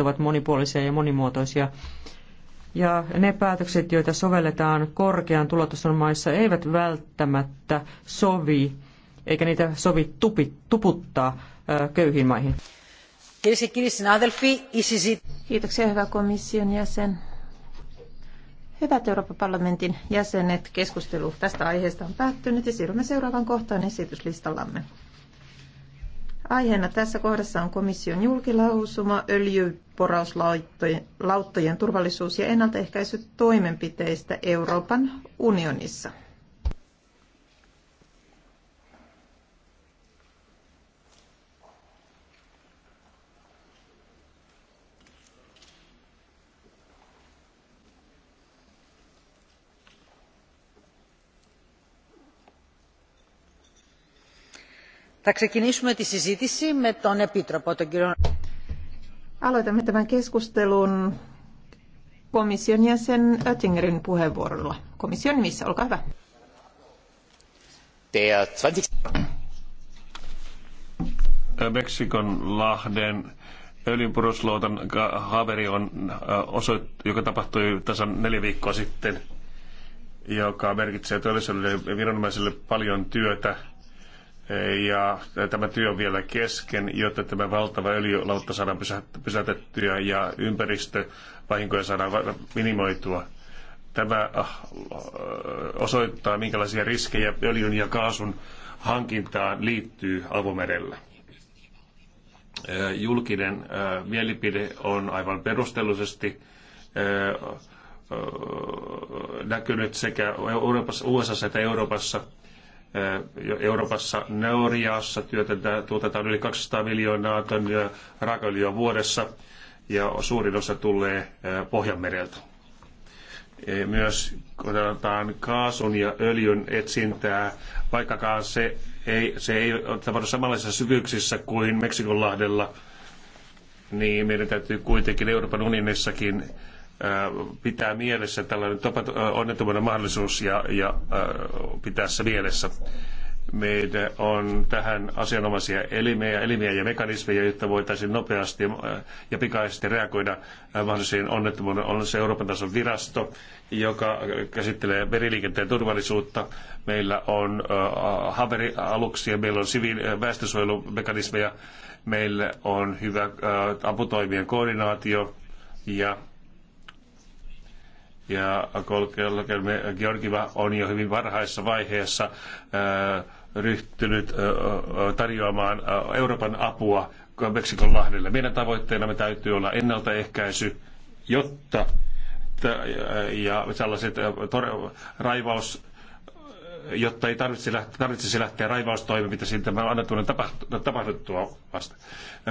ovat monipuolisia ja monimuotoisia. Ja ne päätökset, joita sovelletaan korkean tulotason maissa, eivät välttämättä sovi, eikä niitä sovi tupi, tuputtaa köyhiin maihin. Kiitoksia hyvä komission jäsen. Hyvät Euroopan parlamentin jäsenet, keskustelu tästä aiheesta on päättynyt ja siirrymme seuraavaan kohtaan esityslistallamme. Aiheena tässä kohdassa on komission julkilausuma öljyporauslauttojen turvallisuus- ja ennaltaehkäisytoimenpiteistä Euroopan unionissa. Aloitamme tämän keskustelun komission jäsen Oettingerin puheenvuorolla. Komission nimissä, olkaa hyvä. meksikonlahden lahden haaveri on äh, osoit, joka tapahtui tasan neljä viikkoa sitten, joka merkitsee teollisuudelle ja viranomaisille paljon työtä ja tämä työ on vielä kesken, jotta tämä valtava öljylautta saadaan pysäytettyä ja ympäristövahinkoja saadaan minimoitua. Tämä äh, osoittaa, minkälaisia riskejä öljyn ja kaasun hankintaan liittyy avomerellä. Äh, julkinen äh, mielipide on aivan perustellisesti näkynyt sekä Euroopassa, USA että Euroopassa Euroopassa Neoriassa tuotetaan yli 200 miljoonaa tonnia raakaöljyä vuodessa ja suurin osa tulee Pohjanmereltä. E, myös otetaan kaasun ja öljyn etsintää, vaikkakaan se ei, se ei tapahdu samanlaisissa syvyyksissä kuin Meksikonlahdella, niin meidän täytyy kuitenkin Euroopan unionissakin pitää mielessä tällainen onnettomuuden mahdollisuus ja, ja pitää se mielessä. meillä on tähän asianomaisia elimiä, elimiä ja mekanismeja, jotta voitaisiin nopeasti ja pikaisesti reagoida mahdollisiin onnettomuuden. On se Euroopan tason virasto, joka käsittelee meriliikenteen turvallisuutta. Meillä on haverialuksia, meillä on siviil- väestösuojelumekanismeja, meillä on hyvä aputoimien koordinaatio ja ja Georgiva on jo hyvin varhaisessa vaiheessa äh, ryhtynyt äh, äh, tarjoamaan Euroopan apua Meksikon lahdelle. Meidän tavoitteenamme täytyy olla ennaltaehkäisy, jotta ja sellaiset raivaus jotta ei tarvitsisi lähteä, tarvitsisi lähteä raivaustoimenpiteisiin tämän annetuuden tapahduttua vasta.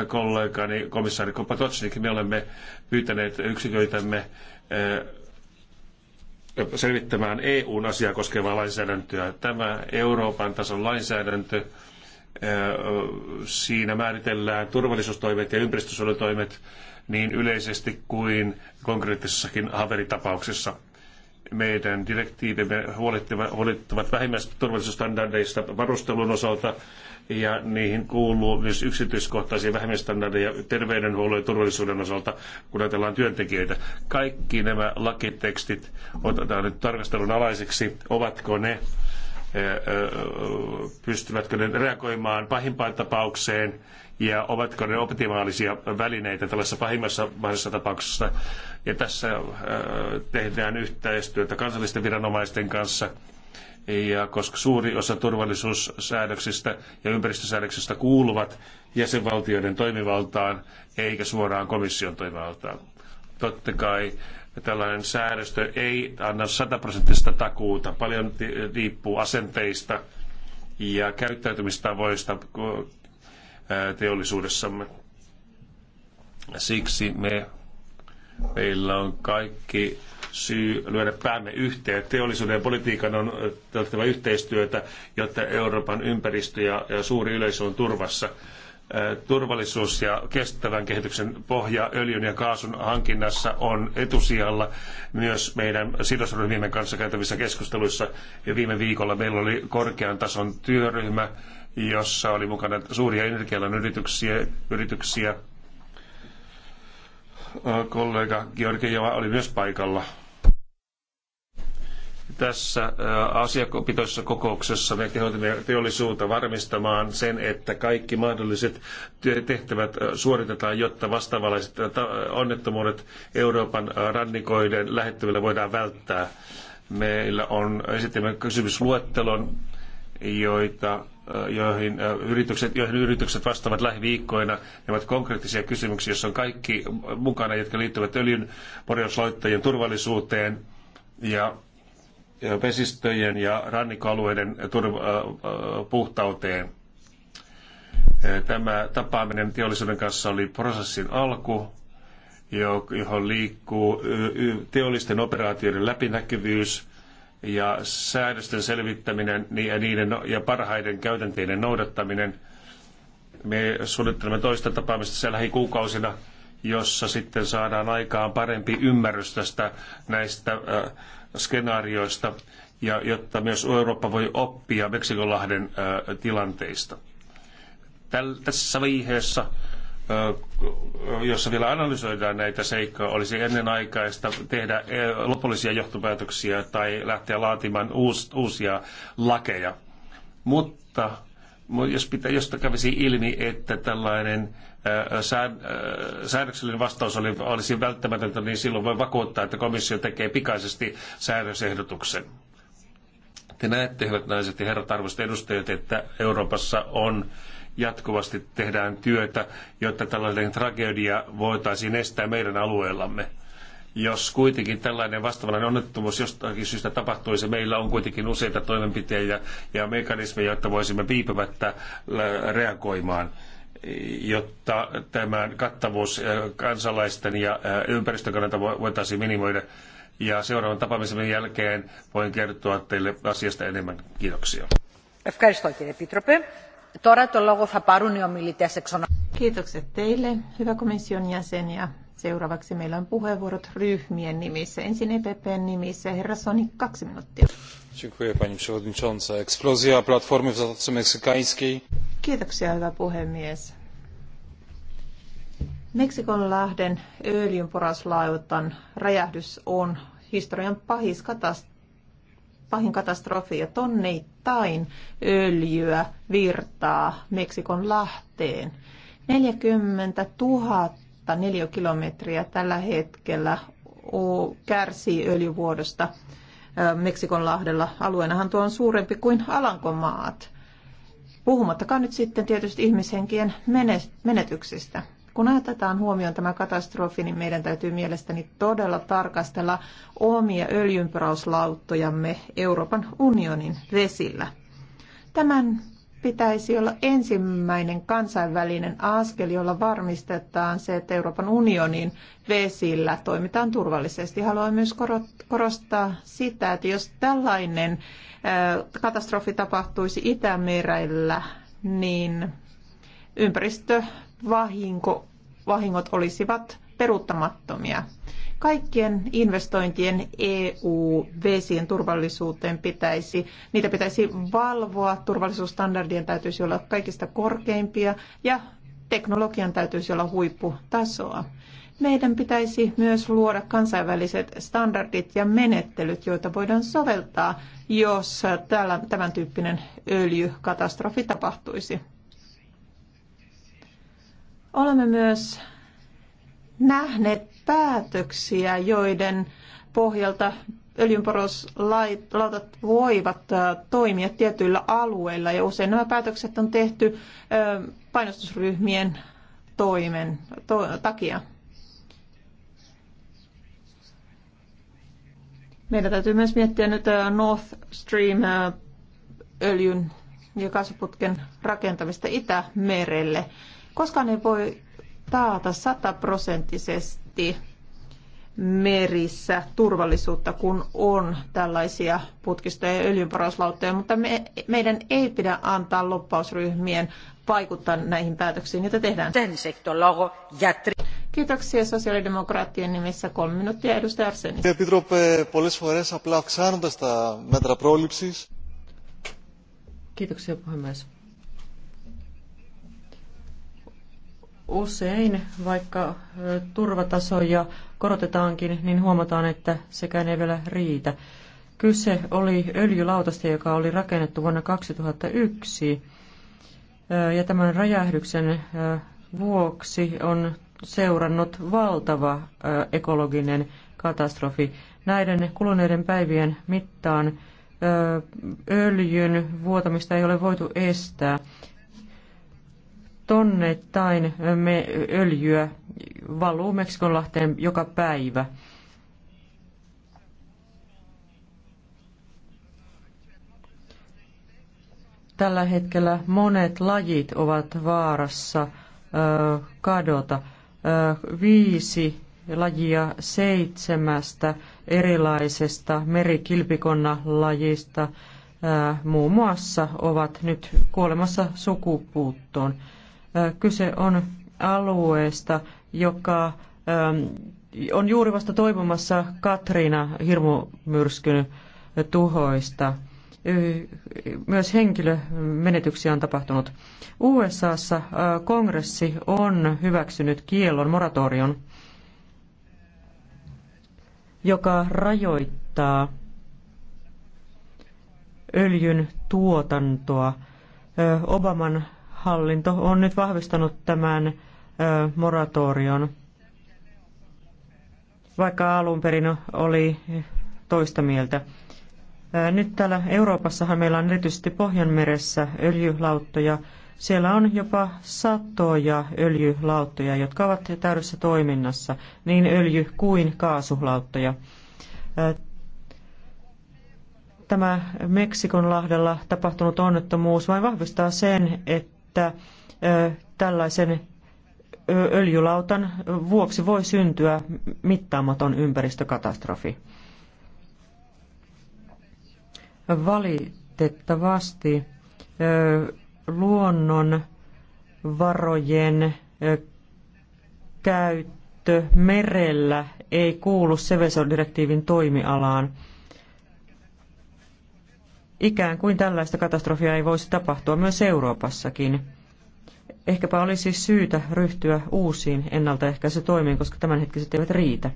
Kollegani komissaari Kopatotsnik, me olemme pyytäneet yksiköitämme selvittämään EUn asiaa koskevaa lainsäädäntöä. Tämä Euroopan tason lainsäädäntö, siinä määritellään turvallisuustoimet ja ympäristösuojelutoimet niin yleisesti kuin konkreettisessakin haveritapauksessa meidän direktiivimme huolehtivat vähimmäisturvallisuusstandardeista varustelun osalta, ja niihin kuuluu myös yksityiskohtaisia vähemmistandardeja terveydenhuollon ja turvallisuuden osalta, kun ajatellaan työntekijöitä. Kaikki nämä lakitekstit otetaan nyt tarkastelun alaiseksi, ovatko ne eh, eh, pystyvätkö ne reagoimaan pahimpaan tapaukseen ja ovatko ne optimaalisia välineitä tällaisessa pahimmassa mahdollisessa tapauksessa. Ja tässä eh, tehdään yhteistyötä kansallisten viranomaisten kanssa ja koska suuri osa turvallisuussäädöksistä ja ympäristösäädöksistä kuuluvat jäsenvaltioiden toimivaltaan eikä suoraan komission toimivaltaan. Totta kai tällainen säädöstö ei anna sataprosenttista takuuta. Paljon riippuu asenteista ja käyttäytymistavoista teollisuudessamme. Siksi me, meillä on kaikki syy lyödä päämme yhteen. Teollisuuden ja politiikan on tehtävä yhteistyötä, jotta Euroopan ympäristö ja, ja suuri yleisö on turvassa turvallisuus ja kestävän kehityksen pohja öljyn ja kaasun hankinnassa on etusijalla myös meidän sidosryhmien kanssa käytävissä keskusteluissa. Ja viime viikolla meillä oli korkean tason työryhmä, jossa oli mukana suuria energialan yrityksiä, yrityksiä. Kollega Georgieva oli myös paikalla tässä äh, asiapitoisessa kokouksessa me kehotimme teollisuutta varmistamaan sen, että kaikki mahdolliset tehtävät äh, suoritetaan, jotta vastaavanlaiset äh, onnettomuudet Euroopan rannikoiden lähettyvillä voidaan välttää. Meillä on esitimme kysymysluettelon, joita joihin yritykset, joihin yritykset vastaavat lähiviikkoina. Ne ovat konkreettisia kysymyksiä, joissa on kaikki mukana, jotka liittyvät öljyn turvallisuuteen ja vesistöjen ja rannikkoalueiden turva, puhtauteen. Tämä tapaaminen teollisuuden kanssa oli prosessin alku, johon liikkuu teollisten operaatioiden läpinäkyvyys ja säädösten selvittäminen ja, niiden, no-, ja parhaiden käytänteiden noudattaminen. Me suunnittelemme toista tapaamista siellä lähikuukausina, jossa sitten saadaan aikaan parempi ymmärrys tästä näistä skenaarioista, ja jotta myös Eurooppa voi oppia Meksikonlahden äh, tilanteista. Täl, tässä vaiheessa äh, jossa vielä analysoidaan näitä seikkoja, olisi ennenaikaista tehdä äh, lopullisia johtopäätöksiä tai lähteä laatimaan uus, uusia lakeja. Mutta jos, pitä, jos kävisi ilmi, että tällainen sään, säädöksellinen vastaus oli, olisi välttämätöntä, niin silloin voi vakuuttaa, että komissio tekee pikaisesti säädösehdotuksen. Te näette, hyvät naiset ja herrat, arvoisat edustajat, että Euroopassa on jatkuvasti tehdään työtä, jotta tällainen tragedia voitaisiin estää meidän alueellamme. Jos kuitenkin tällainen vastaavanlainen onnettomuus jostakin syystä tapahtuisi, meillä on kuitenkin useita toimenpiteitä ja mekanismeja, jotta voisimme viipymättä reagoimaan jotta tämän kattavuus kansalaisten ja ympäristön kannalta voitaisiin minimoida. Ja seuraavan tapaamisen jälkeen voin kertoa teille asiasta enemmän. Kiitoksia. Kiitokset teille, hyvä komission jäsen. Ja Seuraavaksi meillä on puheenvuorot ryhmien nimissä. Ensin EPPn nimissä. Herra Soni, kaksi minuuttia. Dziękuję pani przewodnicząca. Eksplozja platformy w Zatoce Meksykańskiej. Kiitoksia, hyvä puhemies. lähden öljynporauslaivan räjähdys on historian pahis katastrofi pahin katastrofi ja tonneittain öljyä virtaa Meksikon lahteen. 40 000 neliökilometriä tällä hetkellä kärsii öljyvuodosta Meksikonlahdella. Alueenahan tuo on suurempi kuin Alankomaat. Puhumattakaan nyt sitten tietysti ihmishenkien menetyksistä. Kun ajatetaan huomioon tämä katastrofi, niin meidän täytyy mielestäni todella tarkastella omia öljynporauslauttojamme Euroopan unionin vesillä. Tämän pitäisi olla ensimmäinen kansainvälinen askel, jolla varmistetaan se, että Euroopan unionin vesillä toimitaan turvallisesti. Haluan myös korostaa sitä, että jos tällainen äh, katastrofi tapahtuisi Itämerellä, niin ympäristövahingot olisivat peruuttamattomia. Kaikkien investointien EU-vesien turvallisuuteen pitäisi, niitä pitäisi valvoa, turvallisuusstandardien täytyisi olla kaikista korkeimpia ja teknologian täytyisi olla huipputasoa. Meidän pitäisi myös luoda kansainväliset standardit ja menettelyt, joita voidaan soveltaa, jos tämän tyyppinen öljykatastrofi tapahtuisi. Olemme myös nähneet päätöksiä, joiden pohjalta öljynporoslautat voivat toimia tietyillä alueilla ja usein nämä päätökset on tehty painostusryhmien toimen to, takia. Meidän täytyy myös miettiä nyt North Stream öljyn ja kasvuputken rakentamista Itämerelle. Koskaan ei voi taata sataprosenttisesti merissä turvallisuutta, kun on tällaisia putkistoja ja öljynporauslauttoja, mutta me, meidän ei pidä antaa loppausryhmien vaikuttaa näihin päätöksiin, joita tehdään. Kiitoksia sosiaalidemokraattien nimissä. Kolme minuuttia edustaja Arsenis. Επίτροπε, πολλές φορές απλά αυξάνοντας τα μέτρα πρόληψης. Kiitoksia puhemies. Usein, vaikka turvatasoja korotetaankin, niin huomataan, että sekään ei vielä riitä. Kyse oli öljylautasta, joka oli rakennettu vuonna 2001. Ja tämän räjähdyksen vuoksi on seurannut valtava ekologinen katastrofi. Näiden kuluneiden päivien mittaan öljyn vuotamista ei ole voitu estää. Tonneittain me öljyä valuu Meksikonlahteen joka päivä. Tällä hetkellä monet lajit ovat vaarassa kadota. viisi lajia seitsemästä erilaisesta merikilpikonna lajista muun muassa ovat nyt kuolemassa sukupuuttoon. Kyse on alueesta, joka on juuri vasta toipumassa Katrina hirmumyrskyn tuhoista. Myös henkilömenetyksiä on tapahtunut. USAssa kongressi on hyväksynyt kiellon moratorion, joka rajoittaa öljyn tuotantoa. Obaman hallinto on nyt vahvistanut tämän moratorion, vaikka alun perin oli toista mieltä. Nyt täällä Euroopassahan meillä on erityisesti Pohjanmeressä öljylauttoja. Siellä on jopa satoja öljylauttoja, jotka ovat täydessä toiminnassa, niin öljy- kuin kaasulauttoja. Tämä Meksikon lahdella tapahtunut onnettomuus vain vahvistaa sen, että että tällaisen öljylautan vuoksi voi syntyä mittaamaton ympäristökatastrofi. Valitettavasti luonnonvarojen käyttö merellä ei kuulu Seveso-direktiivin toimialaan. Ikään kuin tällaista katastrofia ei voisi tapahtua myös Euroopassakin. Ehkäpä olisi syytä ryhtyä uusiin ennaltaehkäisytoimiin, koska tämänhetkiset eivät riitä.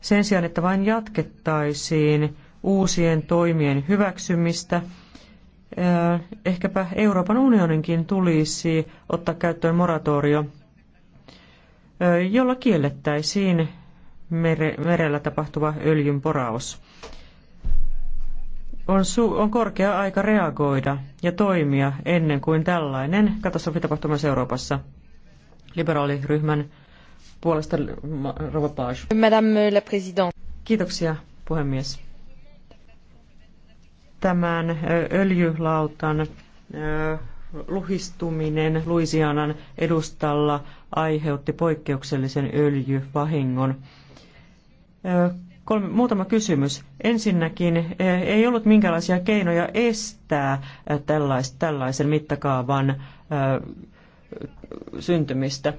Sen sijaan, että vain jatkettaisiin uusien toimien hyväksymistä, eh, ehkäpä Euroopan unioninkin tulisi ottaa käyttöön moratorio, eh, jolla kiellettäisiin merellä tapahtuva öljyn poraus on, su- on korkea aika reagoida ja toimia ennen kuin tällainen katastrofi tapahtuu myös Euroopassa. Liberaaliryhmän puolesta Rova Page. Madame la Présidente. Kiitoksia, puhemies. Tämän öljylautan luhistuminen Louisianan edustalla aiheutti poikkeuksellisen öljyvahingon kolme, muutama kysymys. Ensinnäkin eh, ei ollut minkälaisia keinoja estää eh, tällais, tällaisen mittakaavan eh, syntymistä.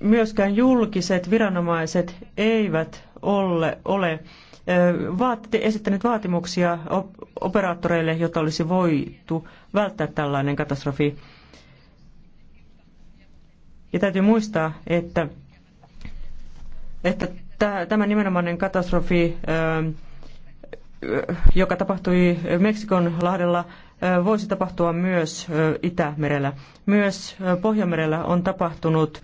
Myöskään julkiset viranomaiset eivät ole, ole vaat, esittäneet vaatimuksia operaattoreille, jotta olisi voitu välttää tällainen katastrofi. Ja täytyy muistaa, että että tämä nimenomainen katastrofi, ähm, äh, joka tapahtui Meksikon lahdella, äh, voisi tapahtua myös äh, Itämerellä. Myös Pohjanmerellä on tapahtunut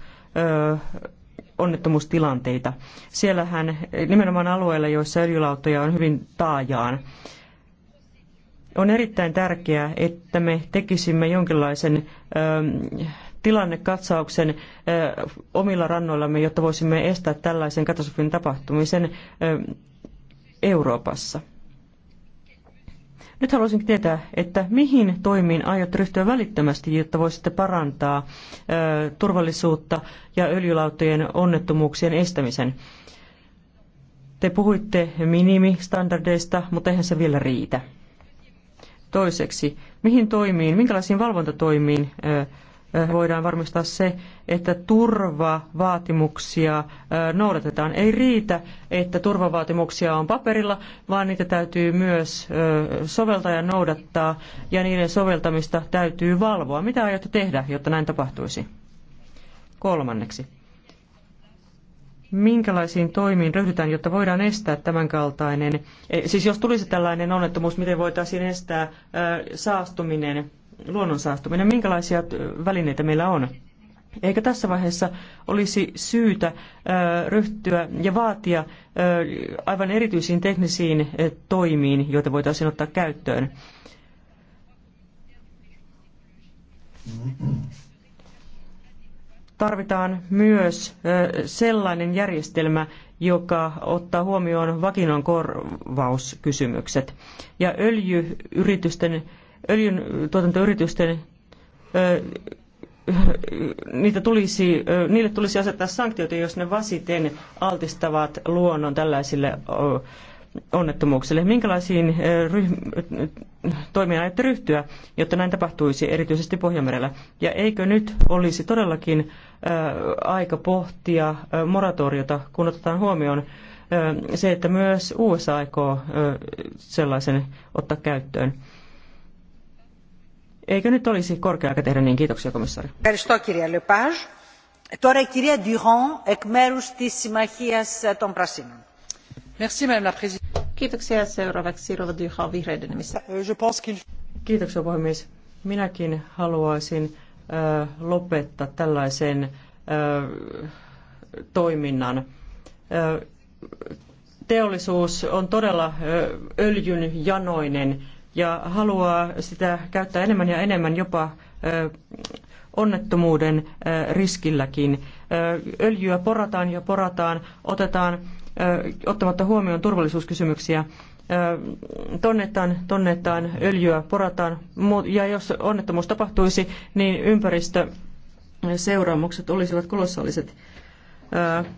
onnettomuustilanteita. Siellähän nimenomaan alueilla, joissa öljylautoja on hyvin taajaan, on erittäin tärkeää, että me tekisimme jonkinlaisen ähm, tilannekatsauksen omilla rannoillamme, jotta voisimme estää tällaisen katastrofin tapahtumisen Euroopassa. Nyt haluaisin tietää, että mihin toimiin aiot ryhtyä välittömästi, jotta voisitte parantaa turvallisuutta ja öljylautojen onnettomuuksien estämisen. Te puhuitte minimistandardeista, mutta eihän se vielä riitä. Toiseksi, mihin toimiin, minkälaisiin valvontatoimiin voidaan varmistaa se, että turvavaatimuksia noudatetaan. Ei riitä, että turvavaatimuksia on paperilla, vaan niitä täytyy myös soveltaa ja noudattaa, ja niiden soveltamista täytyy valvoa. Mitä aiotte tehdä, jotta näin tapahtuisi? Kolmanneksi. Minkälaisiin toimiin ryhdytään, jotta voidaan estää tämänkaltainen, e, siis jos tulisi tällainen onnettomuus, miten voitaisiin estää saastuminen luonnon saastuminen, minkälaisia välineitä meillä on. Eikä tässä vaiheessa olisi syytä ryhtyä ja vaatia aivan erityisiin teknisiin toimiin, joita voitaisiin ottaa käyttöön. Tarvitaan myös sellainen järjestelmä, joka ottaa huomioon vakinon korvauskysymykset. Ja öljyyritysten öljyntuotantoyritysten niitä tulisi, niille tulisi asettaa sanktioita, jos ne vasiten altistavat luonnon tällaisille onnettomuuksille. Minkälaisiin toimiin aiotte ryhtyä, jotta näin tapahtuisi erityisesti Pohjanmerellä? Ja eikö nyt olisi todellakin aika pohtia moratoriota, kun otetaan huomioon se, että myös USA aikoo sellaisen ottaa käyttöön? Eikö nyt olisi korkea aika tehdä niin? Kiitoksia komissaari. Ευχαριστώ κυρία Λεπάζ. Τώρα η κυρία Durand εκ μέρους της Συμμαχίας των Πρασίνων. Merci madame la présidente. Kiitoksia seuraavaksi vihreiden nimissä. Kiitoksia puhemies. Minäkin haluaisin äh, lopettaa tällaisen äh, toiminnan. Äh, teollisuus on todella öljyn janoinen ja haluaa sitä käyttää enemmän ja enemmän jopa onnettomuuden riskilläkin. Öljyä porataan ja porataan, otetaan ottamatta huomioon turvallisuuskysymyksiä. Tonnetaan, tonnetaan, öljyä porataan ja jos onnettomuus tapahtuisi, niin ympäristöseuraamukset olisivat kolossaaliset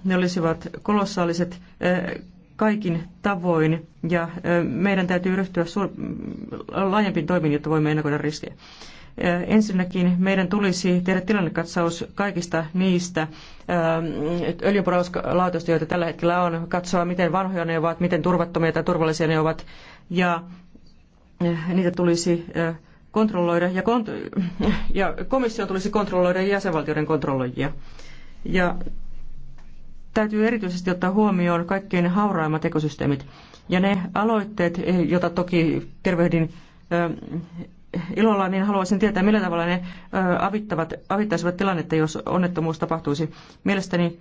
ne olisivat kolossaaliset kaikin tavoin ja meidän täytyy ryhtyä mm, laajempiin toimiin, jotta voimme ennakoida riskejä. Ensinnäkin meidän tulisi tehdä tilannekatsaus kaikista niistä öljynporauslaatoista, joita tällä hetkellä on, katsoa miten vanhoja ne ovat, miten turvattomia tai turvallisia ne ovat ja niitä tulisi kontrolloida ja, kont- ja komissio tulisi kontrolloida jäsenvaltioiden kontrolloijia. Ja täytyy erityisesti ottaa huomioon kaikkein hauraimmat ekosysteemit. Ja ne aloitteet, joita toki tervehdin ilolla, niin haluaisin tietää, millä tavalla ne avittavat, avittaisivat tilannetta, jos onnettomuus tapahtuisi. Mielestäni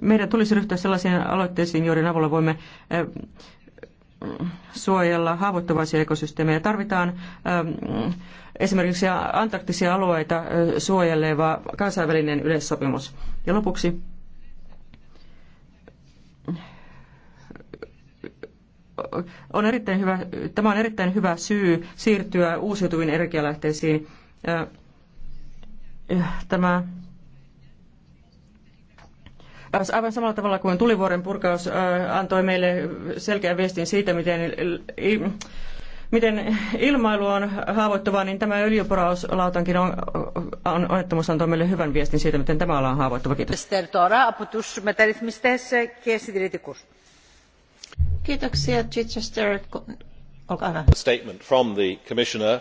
meidän tulisi ryhtyä sellaisiin aloitteisiin, joiden avulla voimme suojella haavoittuvaisia ekosysteemejä. Tarvitaan ähm, esimerkiksi antarktisia alueita äh, suojeleva kansainvälinen yleissopimus. Ja lopuksi on erittäin hyvä, tämä on erittäin hyvä syy siirtyä uusiutuviin energialähteisiin. Äh, tämä aivan samalla tavalla kuin tulivuoren purkaus äh, antoi meille selkeän viestin siitä, miten, miten ilmailu on haavoittuvaa, niin tämä öljyporauslautankin on, on, onnettomuus antoi meille hyvän viestin siitä, miten tämä ala on haavoittuva. Kiitos. Kiitoksia, Chichester. Olkaa Statement from the commissioner.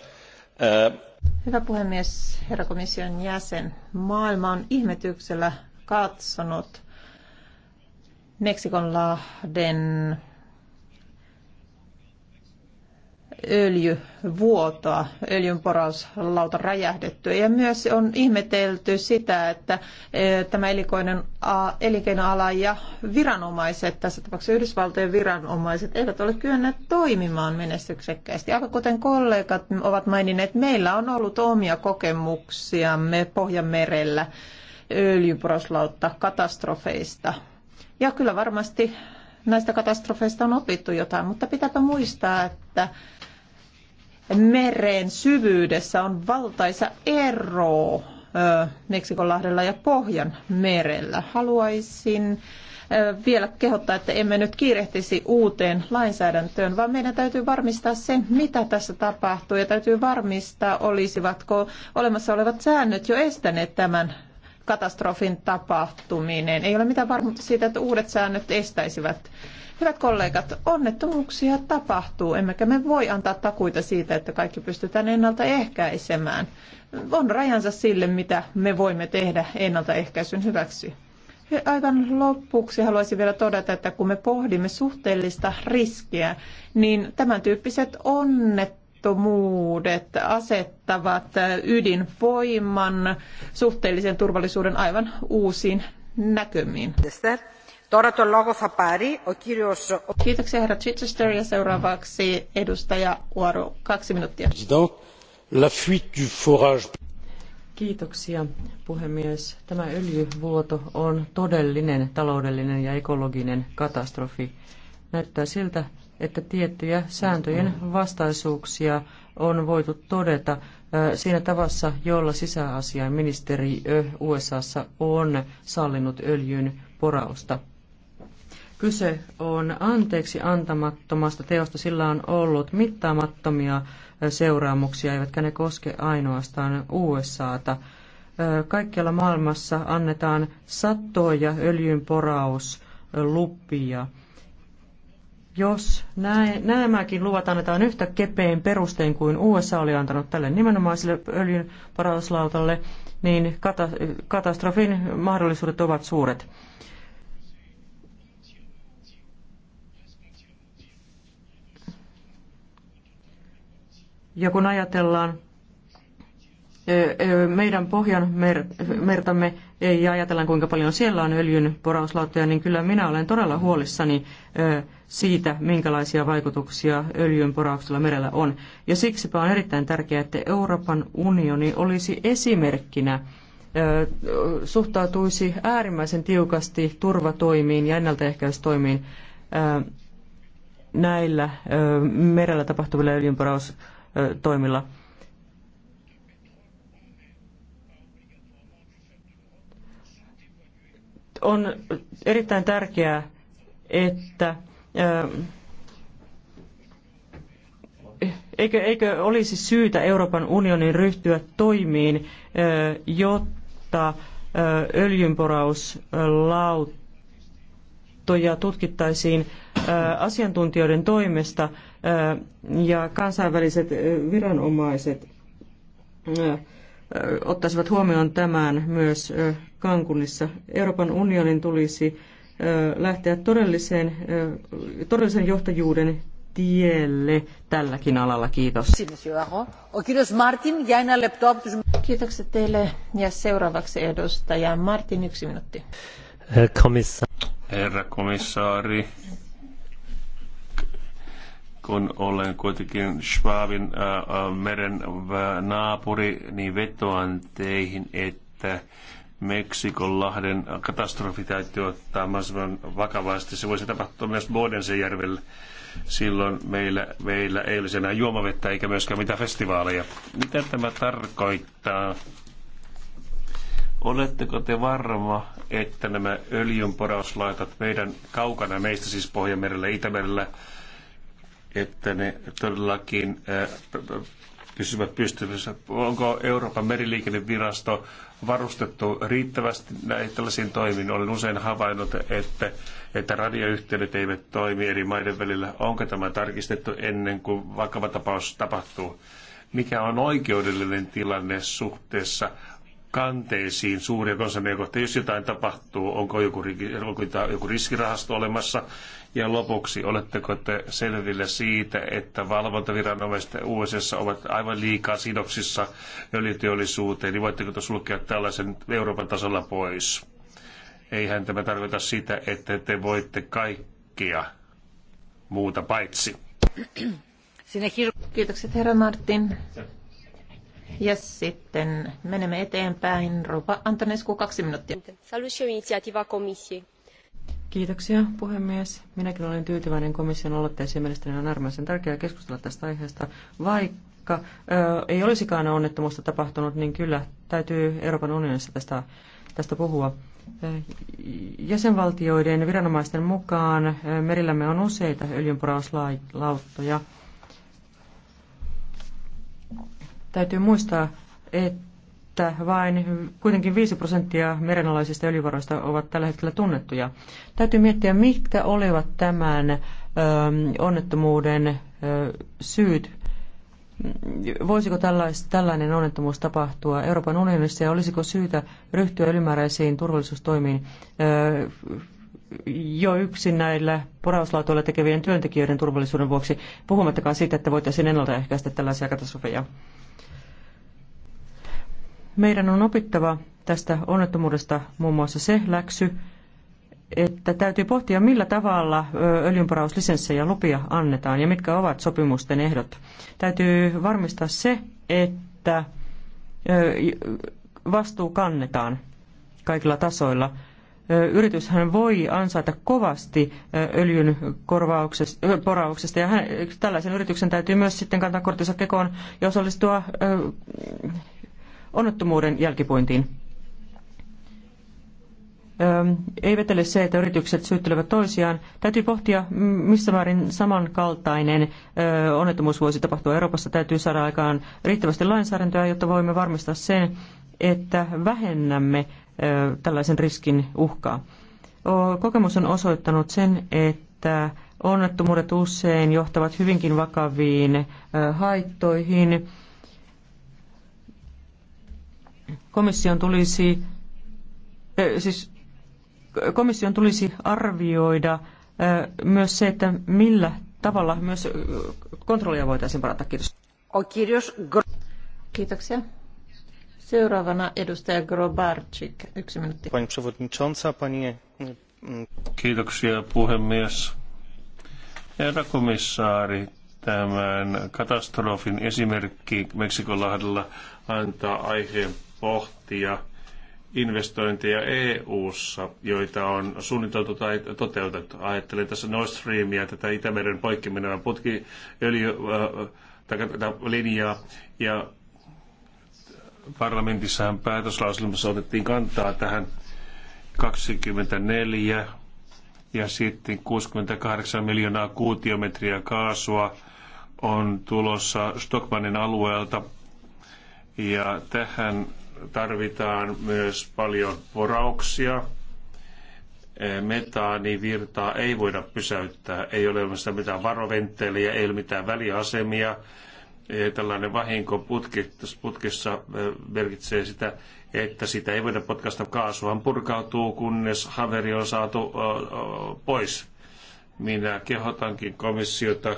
Hyvä puhemies, herra komission jäsen. Maailma on ihmetyksellä katsonut Meksikonlahden öljyvuotoa, öljynporauslauta räjähdettyä. Ja myös on ihmetelty sitä, että e, tämä elinkeinoala ja viranomaiset, tässä tapauksessa Yhdysvaltojen viranomaiset, eivät ole kyenneet toimimaan menestyksekkäästi. Aivan kuten kollegat ovat maininneet, meillä on ollut omia kokemuksiamme Pohjanmerellä öljynporauslautta katastrofeista – ja kyllä varmasti näistä katastrofeista on opittu jotain, mutta pitääpä muistaa, että meren syvyydessä on valtaisa ero Meksikonlahdella ja Pohjan merellä. Haluaisin vielä kehottaa, että emme nyt kiirehtisi uuteen lainsäädäntöön, vaan meidän täytyy varmistaa se, mitä tässä tapahtuu, ja täytyy varmistaa, olisivatko olemassa olevat säännöt jo estäneet tämän katastrofin tapahtuminen. Ei ole mitään varmuutta siitä, että uudet säännöt estäisivät. Hyvät kollegat, onnettomuuksia tapahtuu, emmekä me voi antaa takuita siitä, että kaikki pystytään ennaltaehkäisemään. On rajansa sille, mitä me voimme tehdä ennaltaehkäisyn hyväksi. Aivan lopuksi haluaisin vielä todeta, että kun me pohdimme suhteellista riskiä, niin tämän tyyppiset onnet onnettomuudet asettavat ydinvoiman suhteellisen turvallisuuden aivan uusiin näkymiin. Kiitoksia herra Chichester ja seuraavaksi edustaja Uaro, kaksi minuuttia. La fuite du forage. Kiitoksia puhemies. Tämä öljyvuoto on todellinen taloudellinen ja ekologinen katastrofi. Näyttää siltä, että tiettyjä sääntöjen vastaisuuksia on voitu todeta siinä tavassa, jolla sisäasiainministeriö USAssa on sallinut öljyn porausta. Kyse on anteeksi antamattomasta teosta. Sillä on ollut mittaamattomia seuraamuksia, eivätkä ne koske ainoastaan USAta. Kaikkialla maailmassa annetaan satoja öljynporauslupia – jos nämäkin luvat annetaan yhtä kepein perustein kuin USA oli antanut tälle nimenomaiselle öljynparauslautalle, niin katastrofin mahdollisuudet ovat suuret. Ja kun ajatellaan meidän pohjan mer- mertamme ja ajatellaan kuinka paljon siellä on öljyn porauslauttoja, niin kyllä minä olen todella huolissani siitä, minkälaisia vaikutuksia öljyn porauksella merellä on. Ja siksipä on erittäin tärkeää, että Euroopan unioni olisi esimerkkinä suhtautuisi äärimmäisen tiukasti turvatoimiin ja ennaltaehkäistoimiin näillä merellä tapahtuvilla öljynporaustoimilla. on erittäin tärkeää, että eikö, eikö olisi syytä Euroopan unionin ryhtyä toimiin, jotta öljynporauslauttoja tutkittaisiin asiantuntijoiden toimesta ja kansainväliset viranomaiset ottaisivat huomioon tämän myös Kankunissa. Euroopan unionin tulisi lähteä todelliseen, todellisen johtajuuden tielle tälläkin alalla. Kiitos. Kiitokset teille ja seuraavaksi edustaja Martin, yksi minuutti. Herra komissaari, kun olen kuitenkin Schwabin ää, meren naapuri, niin vetoan teihin, että Meksikonlahden katastrofi täytyy ottaa mahdollisimman vakavasti. Se voisi tapahtua myös Bodensejärvelle Silloin meillä, meillä ei olisi enää juomavettä eikä myöskään mitään festivaaleja. Mitä tämä tarkoittaa? Oletteko te varma, että nämä öljynporauslaitat meidän kaukana meistä, siis Pohjanmerellä ja Itämerellä, että ne todellakin äh, pysyvät pystyvissä? Onko Euroopan meriliikennevirasto varustettu riittävästi näihin tällaisiin toimiin. Olen usein havainnut, että, että radioyhteydet eivät toimi eri maiden välillä. Onko tämä tarkistettu ennen kuin vakava tapaus tapahtuu? Mikä on oikeudellinen tilanne suhteessa kanteisiin suuria konserneja kohtaan, jos jotain tapahtuu, onko joku, onko joku riskirahasto olemassa, ja lopuksi, oletteko te selville siitä, että valvontaviranomaiset USA ovat aivan liikaa sidoksissa öljyteollisuuteen, niin voitteko te sulkea tällaisen Euroopan tasolla pois? Eihän tämä tarkoita sitä, että te voitte kaikkia muuta paitsi. Kiitokset herra Martin. Ja sitten menemme eteenpäin. Rouva Antonescu, kaksi minuuttia. Salut și eu Kiitoksia, puhemies. Minäkin olen tyytyväinen komission aloitteeseen. Mielestäni on äärimmäisen tärkeää keskustella tästä aiheesta. Vaikka ö, ei olisikaan onnettomuutta tapahtunut, niin kyllä täytyy Euroopan unionissa tästä, tästä puhua. Jäsenvaltioiden viranomaisten mukaan merillämme on useita öljynporauslauttoja. Täytyy muistaa, että että vain kuitenkin 5 prosenttia merenalaisista öljyvaroista ovat tällä hetkellä tunnettuja. Täytyy miettiä, mitkä olivat tämän ö, onnettomuuden ö, syyt. Voisiko tällais, tällainen onnettomuus tapahtua Euroopan unionissa ja olisiko syytä ryhtyä ylimääräisiin turvallisuustoimiin ö, jo yksin näillä porauslautoilla tekevien työntekijöiden turvallisuuden vuoksi, puhumattakaan siitä, että voitaisiin ennaltaehkäistä tällaisia katastrofeja. Meidän on opittava tästä onnettomuudesta muun muassa se läksy, että täytyy pohtia, millä tavalla öljynporauslisenssejä lupia annetaan ja mitkä ovat sopimusten ehdot. Täytyy varmistaa se, että vastuu kannetaan kaikilla tasoilla. Yrityshän voi ansaita kovasti öljyn korvauksesta, porauksesta ja tällaisen yrityksen täytyy myös sitten kantaa korttinsa kekoon ja osallistua onnettomuuden jälkipuintiin. Ei vetele se, että yritykset syyttelevät toisiaan. Täytyy pohtia, missä määrin samankaltainen onnettomuus voisi tapahtua Euroopassa. Täytyy saada aikaan riittävästi lainsäädäntöä, jotta voimme varmistaa sen, että vähennämme tällaisen riskin uhkaa. Kokemus on osoittanut sen, että onnettomuudet usein johtavat hyvinkin vakaviin haittoihin komission tulisi, siis komission tulisi arvioida myös se, että millä tavalla myös kontrollia voitaisiin parantaa. Kiitos. Kiitoksia. Seuraavana edustaja Grobarczyk. Yksi minuutti. Mm, Kiitoksia puhemies. Herra komissaari, tämän katastrofin esimerkki Meksikonlahdella antaa aiheen pohtia investointeja EU-ssa, joita on suunniteltu tai toteutettu. Ajattelen tässä Nord Streamia, tätä Itämeren poikkimenevän putkiöljy äh, ja parlamentissahan päätöslauselmassa otettiin kantaa tähän 24 ja sitten 68 miljoonaa kuutiometriä kaasua on tulossa Stockmanin alueelta. Ja tähän tarvitaan myös paljon porauksia. Metaanivirtaa ei voida pysäyttää, ei ole olemassa mitään varoventteliä, ei ole mitään väliasemia. Tällainen vahinko putkissa merkitsee sitä, että sitä ei voida potkaista kaasuhan purkautuu, kunnes haveri on saatu pois. Minä kehotankin komissiota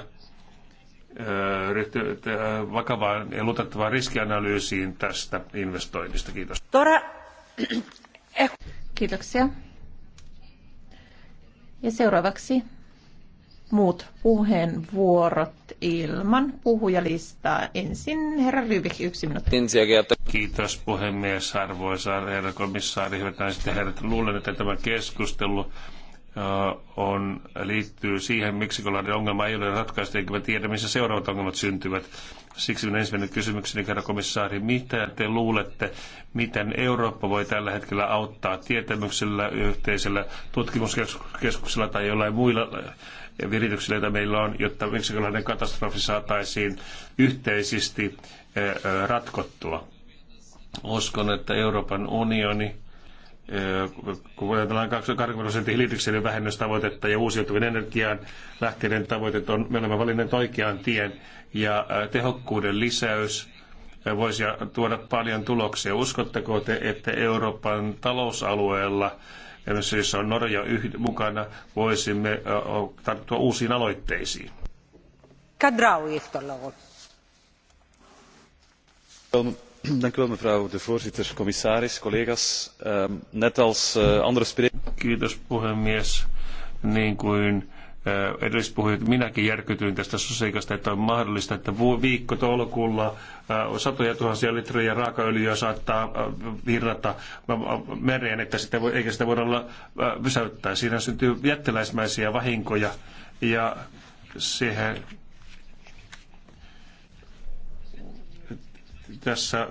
ryhty vakavaan ja luotettavaan riskianalyysiin tästä investoinnista. Kiitos. Tora. Kiitoksia. Ja seuraavaksi muut puheenvuorot ilman puhujalistaa. Ensin herra Rybik, yksi minuutti. Kiitos puhemies, arvoisa herra komissaari, hyvät naiset ja herrat. Luulen, että tämä keskustelu on, liittyy siihen, miksi kolainen ongelma ei ole ratkaistu, eikä me tiedä, missä seuraavat ongelmat syntyvät. Siksi minun ensimmäinen kysymykseni, herra komissaari, mitä te luulette, miten Eurooppa voi tällä hetkellä auttaa tietämyksellä, yhteisellä tutkimuskeskuksella tai jollain muilla äh, virityksillä, joita meillä on, jotta meksikolainen katastrofi saataisiin yhteisesti äh, äh, ratkottua. Uskon, että Euroopan unioni kun ajatellaan 20 prosentin hiilidioksidin vähennystavoitetta ja uusiutuvien energian lähteiden tavoitet on, me olemme valinneet oikean tien ja tehokkuuden lisäys voisi tuoda paljon tuloksia. Uskotteko te, että Euroopan talousalueella, siis jossa on Norja mukana, voisimme tarttua uusiin aloitteisiin? Kadrau, voorzitter commissaris collega's ehm, net als eh, andere sprekers. niin kuin eh, edelliset minäkin järkytyin tästä seikasta että on mahdollista että viikko tolkulla eh, satoja tuhansia litroja raakaöljyä saattaa virrata mereen että sitä voi, eikä sitä voida pysäyttää. siinä syntyy jättiläismäisiä vahinkoja ja siihen tässä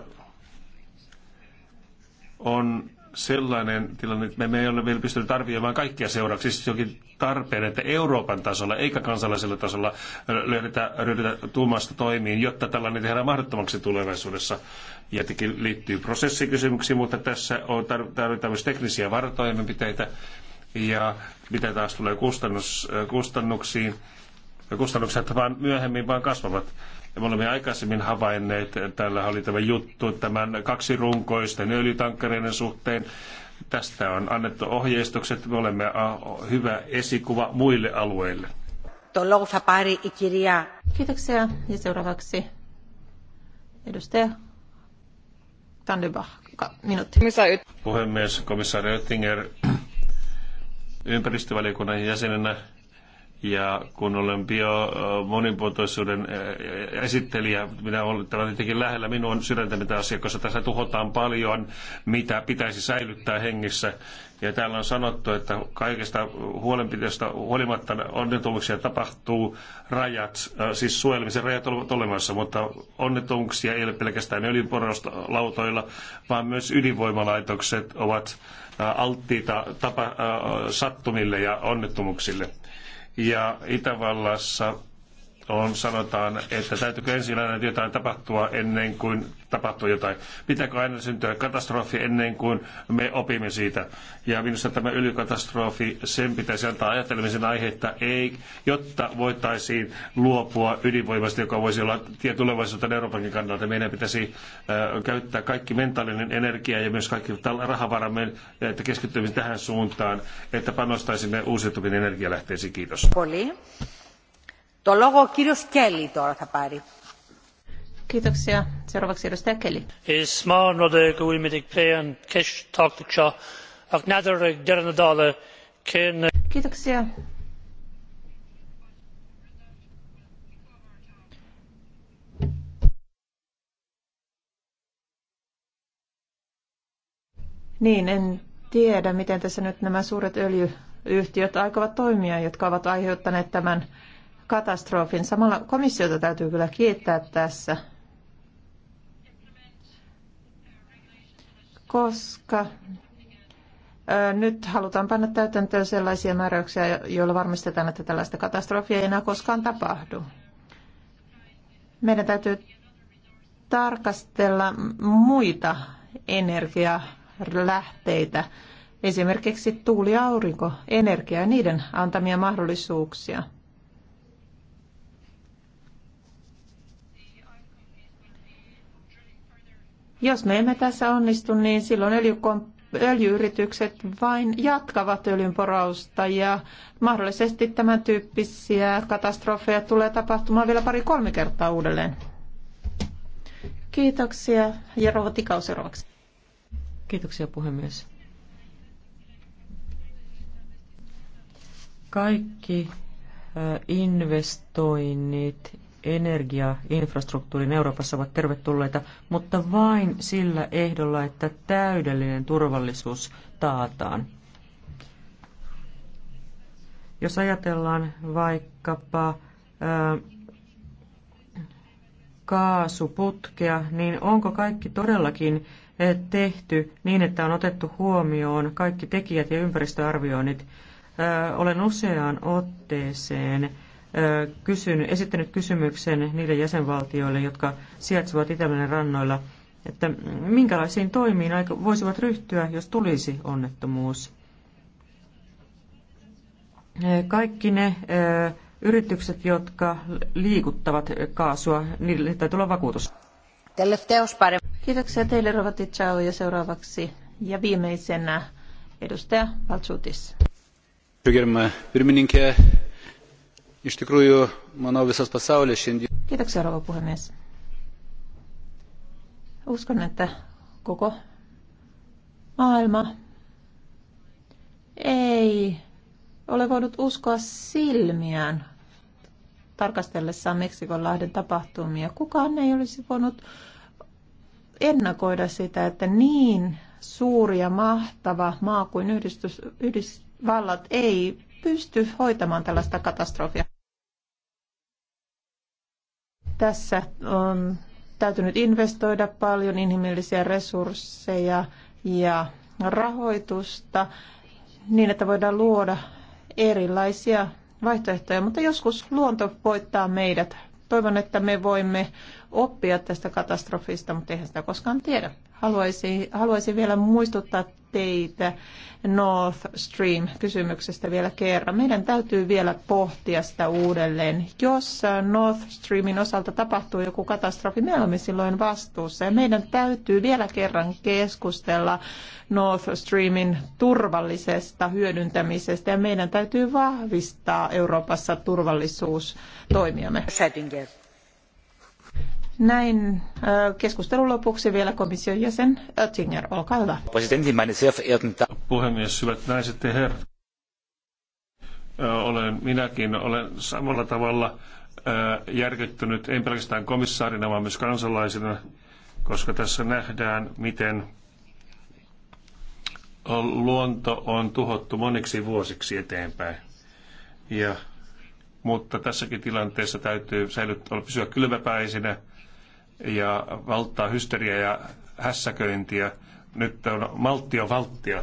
on sellainen tilanne, että me emme ole vielä pystyneet arvioimaan kaikkia seurauksia, siis jokin tarpeen, että Euroopan tasolla eikä kansallisella tasolla löydetä, ryhdytä tuumasta toimiin, jotta tällainen tehdään mahdottomaksi tulevaisuudessa. Ja tietenkin liittyy prosessikysymyksiin, mutta tässä on tarvitaan myös teknisiä varatoimenpiteitä ja mitä taas tulee kustannus, kustannuksiin. Kustannukset vaan myöhemmin vaan kasvavat. Ja me olemme aikaisemmin havainneet, täällä oli tämä juttu tämän kaksi öljytankkareiden suhteen. Tästä on annettu ohjeistukset, me olemme hyvä esikuva muille alueille. Kiitoksia. Ja seuraavaksi edustaja Tandebach, minuutti. Puhemies, komissaari Oettinger, ympäristövaliokunnan jäsenenä ja kun olen bio monimuotoisuuden esittelijä, minä olen tietenkin lähellä minun sydäntä, mitä asiakossa tässä tuhotaan paljon, mitä pitäisi säilyttää hengissä. Ja täällä on sanottu, että kaikesta huolenpiteestä huolimatta onnettomuuksia tapahtuu rajat, siis suojelmisen rajat ovat olemassa, mutta onnettomuuksia ei ole pelkästään lautoilla, vaan myös ydinvoimalaitokset ovat alttiita tapa, sattumille ja onnettomuuksille ja Itävallassa on, sanotaan, että täytyykö ensin aina jotain tapahtua ennen kuin tapahtuu jotain. Pitääkö aina syntyä katastrofi ennen kuin me opimme siitä. Ja minusta tämä ylikatastrofi, sen pitäisi antaa ajattelemisen aihetta, ei, jotta voitaisiin luopua ydinvoimasta, joka voisi olla tie tulevaisuutta Euroopankin kannalta. Meidän pitäisi äh, käyttää kaikki mentaalinen energia ja myös kaikki rahavaramme, että keskittyisimme tähän suuntaan, että panostaisimme uusiutuviin energialähteisiin. Kiitos. Poli. Το λόγο ο κύριος Κέλλη τώρα θα πάρει. ag Seuraavaksi edustaja Kelly. Kiitoksia. Niin, en tiedä, miten tässä nyt nämä suuret öljyyhtiöt aikovat toimia, jotka ovat aiheuttaneet tämän katastrofin. Samalla komissiota täytyy kyllä kiittää tässä, koska nyt halutaan panna täytäntöön sellaisia määräyksiä, joilla varmistetaan, että tällaista katastrofia ei enää koskaan tapahdu. Meidän täytyy tarkastella muita energialähteitä, esimerkiksi tuuli- ja ja niiden antamia mahdollisuuksia. Jos me emme tässä onnistu, niin silloin öljyyritykset vain jatkavat öljynporausta ja mahdollisesti tämän tyyppisiä katastrofeja tulee tapahtumaan vielä pari-kolme kertaa uudelleen. Kiitoksia ja rouva seuraavaksi. Kiitoksia puhemies. Kaikki investoinnit energiainfrastruktuurin Euroopassa ovat tervetulleita, mutta vain sillä ehdolla, että täydellinen turvallisuus taataan. Jos ajatellaan vaikkapa ää, kaasuputkea, niin onko kaikki todellakin tehty niin, että on otettu huomioon kaikki tekijät ja ympäristöarvioinnit? Olen useaan otteeseen kysynyt, esittänyt kysymyksen niille jäsenvaltioille, jotka sijaitsevat Itämeren rannoilla, että minkälaisiin toimiin voisivat ryhtyä, jos tulisi onnettomuus. Kaikki ne yritykset, jotka liikuttavat kaasua, niille täytyy olla vakuutus. Kiitoksia teille, Rovati Chao, ja seuraavaksi ja viimeisenä edustaja Valtsutis. Pyrmininkiä, Iš tikrųjų, manau, visas pasaulis šiandien... Kiitoksia, rouva puhemies. Uskon, että koko maailma ei ole voinut uskoa silmiään tarkastellessaan Meksikonlahden tapahtumia. Kukaan ei olisi voinut ennakoida sitä, että niin suuri ja mahtava maa kuin yhdistys, Yhdysvallat ei pysty hoitamaan tällaista katastrofia. Tässä on täytynyt investoida paljon inhimillisiä resursseja ja rahoitusta niin, että voidaan luoda erilaisia vaihtoehtoja, mutta joskus luonto voittaa meidät. Toivon, että me voimme oppia tästä katastrofista, mutta eihän sitä koskaan tiedä. Haluaisin, haluaisin vielä muistuttaa teitä North Stream-kysymyksestä vielä kerran. Meidän täytyy vielä pohtia sitä uudelleen. Jos North Streamin osalta tapahtuu joku katastrofi, me olemme silloin vastuussa. Ja meidän täytyy vielä kerran keskustella North Streamin turvallisesta hyödyntämisestä. Ja meidän täytyy vahvistaa Euroopassa turvallisuustoimiamme. Schrödinger. Näin keskustelun lopuksi vielä komission jäsen Oettinger, olkaa hyvä. Puhemies, hyvät naiset ja herrat. Olen, minäkin olen samalla tavalla järkyttynyt, en pelkästään komissaarina, vaan myös kansalaisena, koska tässä nähdään, miten luonto on tuhottu moniksi vuosiksi eteenpäin. Ja, mutta tässäkin tilanteessa täytyy säilyttää, olla pysyä kylmäpäisinä – ja valtaa hysteriaa ja hässäköintiä. Nyt on maltti on valttia.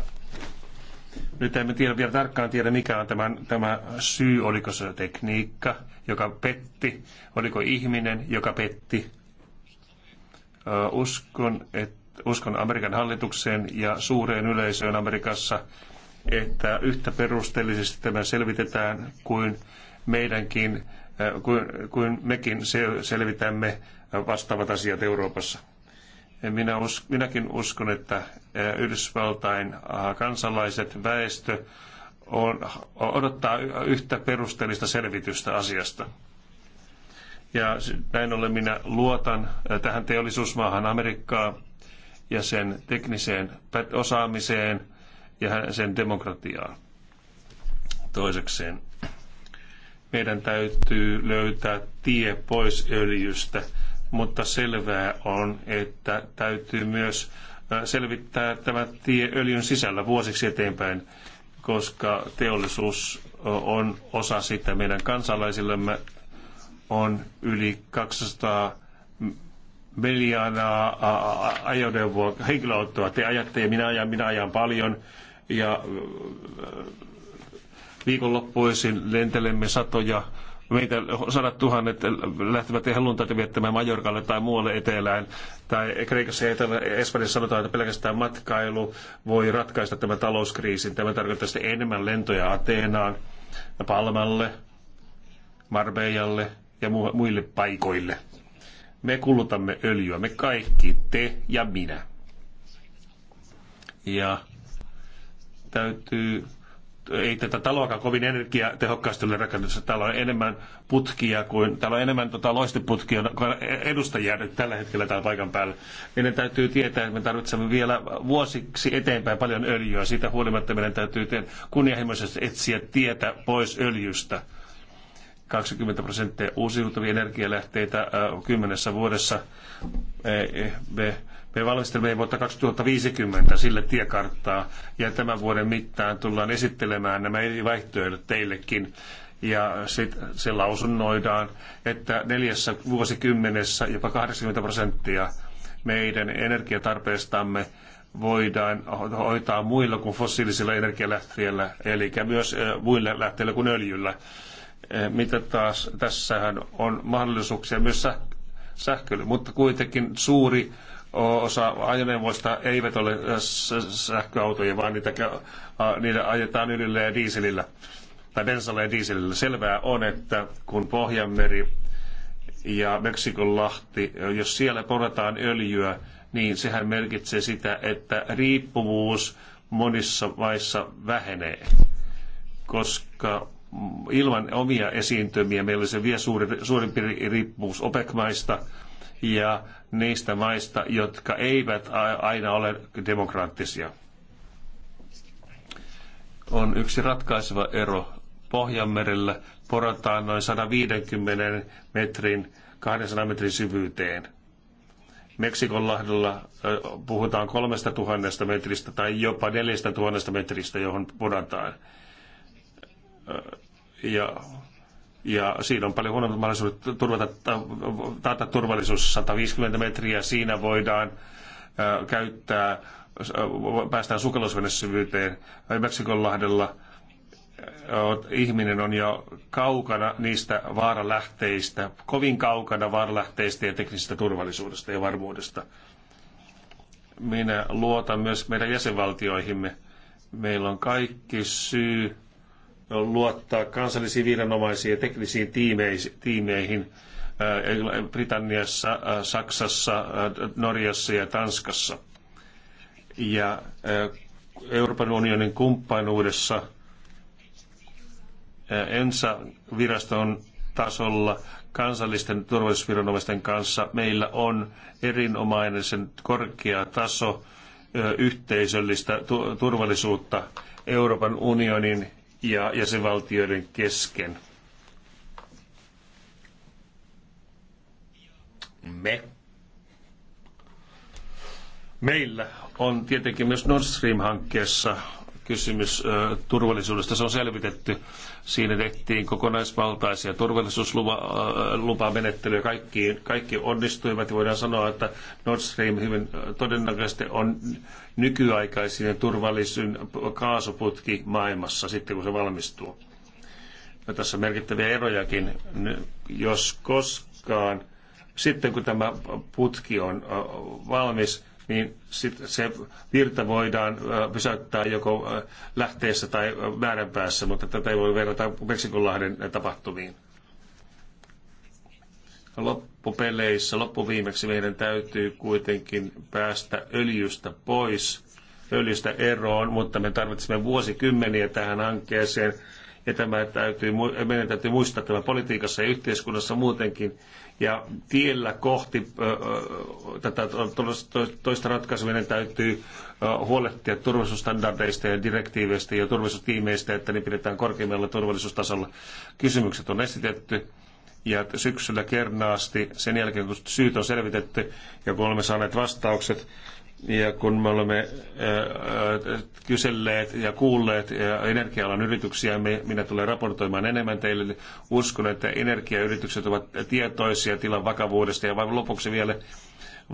Nyt emme tiedä, vielä tarkkaan tiedä, mikä on tämän, tämä syy. Oliko se tekniikka, joka petti? Oliko ihminen, joka petti? Uskon, että uskon Amerikan hallitukseen ja suureen yleisöön Amerikassa, että yhtä perusteellisesti tämä selvitetään kuin meidänkin, kuin, kuin mekin selvitämme vastaavat asiat Euroopassa. Minä us, minäkin uskon, että Yhdysvaltain kansalaiset, väestö on, odottaa yhtä perusteellista selvitystä asiasta. Ja näin ollen minä luotan tähän teollisuusmaahan Amerikkaa ja sen tekniseen osaamiseen ja sen demokratiaan. Toisekseen meidän täytyy löytää tie pois öljystä mutta selvää on, että täytyy myös selvittää tämä tie öljyn sisällä vuosiksi eteenpäin, koska teollisuus on osa sitä. Meidän kansalaisillemme on yli 200 miljoonaa ajoneuvoa, henkilöautoa. Te ajatte ja minä ajan, minä ajan paljon. Ja viikonloppuisin lentelemme satoja meitä sadat tuhannet lähtevät luntaita viettämään Majorkalle tai muualle etelään. Tai Kreikassa ja Etelä Espanjassa sanotaan, että pelkästään matkailu voi ratkaista tämän talouskriisin. Tämä tarkoittaa sitten enemmän lentoja Ateenaan, Palmalle, Marbeijalle ja muille paikoille. Me kulutamme öljyä, me kaikki, te ja minä. Ja täytyy ei tätä taloakaan kovin energiatehokkaasti ole rakennettu. Täällä on enemmän putkia kuin, täällä on enemmän tota, kuin edustajia nyt tällä hetkellä täällä paikan päällä. Meidän täytyy tietää, että me tarvitsemme vielä vuosiksi eteenpäin paljon öljyä. Siitä huolimatta meidän täytyy kunnianhimoisesti etsiä tietä pois öljystä 20 prosenttia uusiutuvia energialähteitä kymmenessä vuodessa. Me, me valmistelemme vuotta 2050 sille tiekarttaa ja tämän vuoden mittaan tullaan esittelemään nämä eri vaihtoehdot teillekin ja sit se lausunnoidaan, että neljässä vuosikymmenessä jopa 80 prosenttia meidän energiatarpeestamme voidaan hoitaa muilla kuin fossiilisilla energialähteillä, eli myös muilla lähteillä kuin öljyllä. Eh, mitä taas tässähän on mahdollisuuksia myös sähkölle, mutta kuitenkin suuri osa ajoneuvoista eivät ole eh, sähköautoja, vaan niitä, niitä ajetaan ylillä ja diisilillä, tai bensalla ja diisilillä. Selvää on, että kun Pohjanmeri ja lahti, eh, jos siellä porataan öljyä, niin sehän merkitsee sitä, että riippuvuus monissa maissa vähenee, koska ilman omia esiintymiä meillä se vielä suuri, suurempi riippuvuus OPEC-maista ja niistä maista, jotka eivät aina ole demokraattisia. On yksi ratkaiseva ero. Pohjanmerellä porataan noin 150 metrin, 200 metrin syvyyteen. Meksikonlahdella puhutaan 3000 metristä tai jopa 4000 metristä, johon porataan ja, ja siinä on paljon huonommat mahdollisuudet turvata, taata turvallisuus 150 metriä. Siinä voidaan käyttää, päästään sukellusvenesyvyyteen. Meksikonlahdella ihminen on jo kaukana niistä vaaralähteistä, kovin kaukana vaaralähteistä ja teknisestä turvallisuudesta ja varmuudesta. Minä luotan myös meidän jäsenvaltioihimme. Meillä on kaikki syy luottaa kansallisiin viranomaisiin ja teknisiin tiimeihin äh, Britanniassa, äh, Saksassa, äh, Norjassa ja Tanskassa. Ja Euroopan unionin kumppanuudessa ENSA-viraston tasolla kansallisten turvallisuusviranomaisten kanssa meillä on erinomainen korkea taso yhteisöllistä turvallisuutta Euroopan unionin ja jäsenvaltioiden kesken. Me. Meillä on tietenkin myös Nord Stream-hankkeessa kysymys turvallisuudesta, se on selvitetty. Siinä tehtiin kokonaisvaltaisia turvallisuuslupamenettelyjä. Kaikki, kaikki onnistuivat ja voidaan sanoa, että Nord Stream hyvin todennäköisesti on nykyaikaisin turvallisin kaasuputki maailmassa sitten, kun se valmistuu. Ja tässä on merkittäviä erojakin, jos koskaan. Sitten kun tämä putki on valmis, niin sit se virta voidaan pysäyttää joko lähteessä tai määränpäässä, mutta tätä ei voi verrata Meksikonlahden tapahtumiin. Loppupeleissä, loppuviimeksi meidän täytyy kuitenkin päästä öljystä pois, öljystä eroon, mutta me tarvitsemme vuosikymmeniä tähän hankkeeseen ja tämä täytyy, meidän täytyy muistaa tämä politiikassa ja yhteiskunnassa muutenkin. Ja tiellä kohti tätä toista ratkaisua meidän täytyy huolehtia turvallisuusstandardeista ja direktiiveistä ja turvallisuustiimeistä, että ne pidetään korkeimmalla turvallisuustasolla. Kysymykset on esitetty ja syksyllä kernaasti sen jälkeen, kun syyt on selvitetty ja kun olemme saaneet vastaukset, ja kun me olemme kyselleet ja kuulleet energia-alan yrityksiä, minä tulen raportoimaan enemmän teille. Uskon, että energiayritykset ovat tietoisia tilan vakavuudesta. Ja vain lopuksi vielä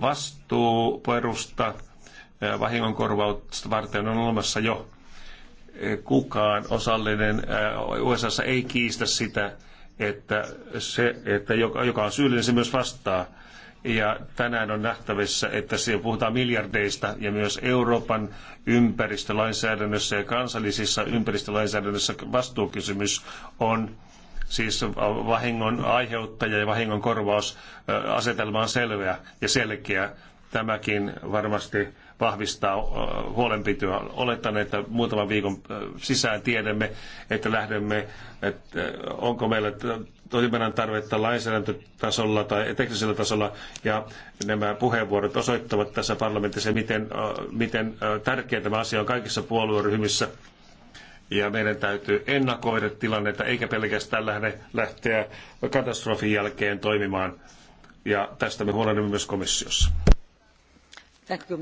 vastuuperusta vahingonkorvausta varten on olemassa jo. Kukaan osallinen USAssa ei kiistä sitä, että se, että joka on syyllinen, se myös vastaa ja tänään on nähtävissä, että siellä puhutaan miljardeista ja myös Euroopan ympäristölainsäädännössä ja kansallisissa ympäristölainsäädännössä vastuukysymys on siis vahingon aiheuttaja ja vahingon korvausasetelma on selveä ja selkeä. Tämäkin varmasti vahvistaa huolenpitoa. Oletan, että muutaman viikon sisään tiedämme, että lähdemme, että onko meillä toiminnan tarvetta lainsäädäntötasolla tai teknisellä tasolla, ja nämä puheenvuorot osoittavat tässä parlamentissa, miten, miten tärkeä tämä asia on kaikissa puolueryhmissä ja meidän täytyy ennakoida tilannetta, eikä pelkästään lähde, lähteä katastrofin jälkeen toimimaan. Ja tästä me huolehdimme myös komissiossa. Thank you,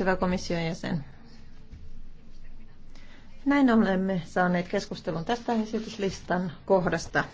hyvä komission jäsen. Näin olemme saaneet keskustelun tästä esityslistan kohdasta.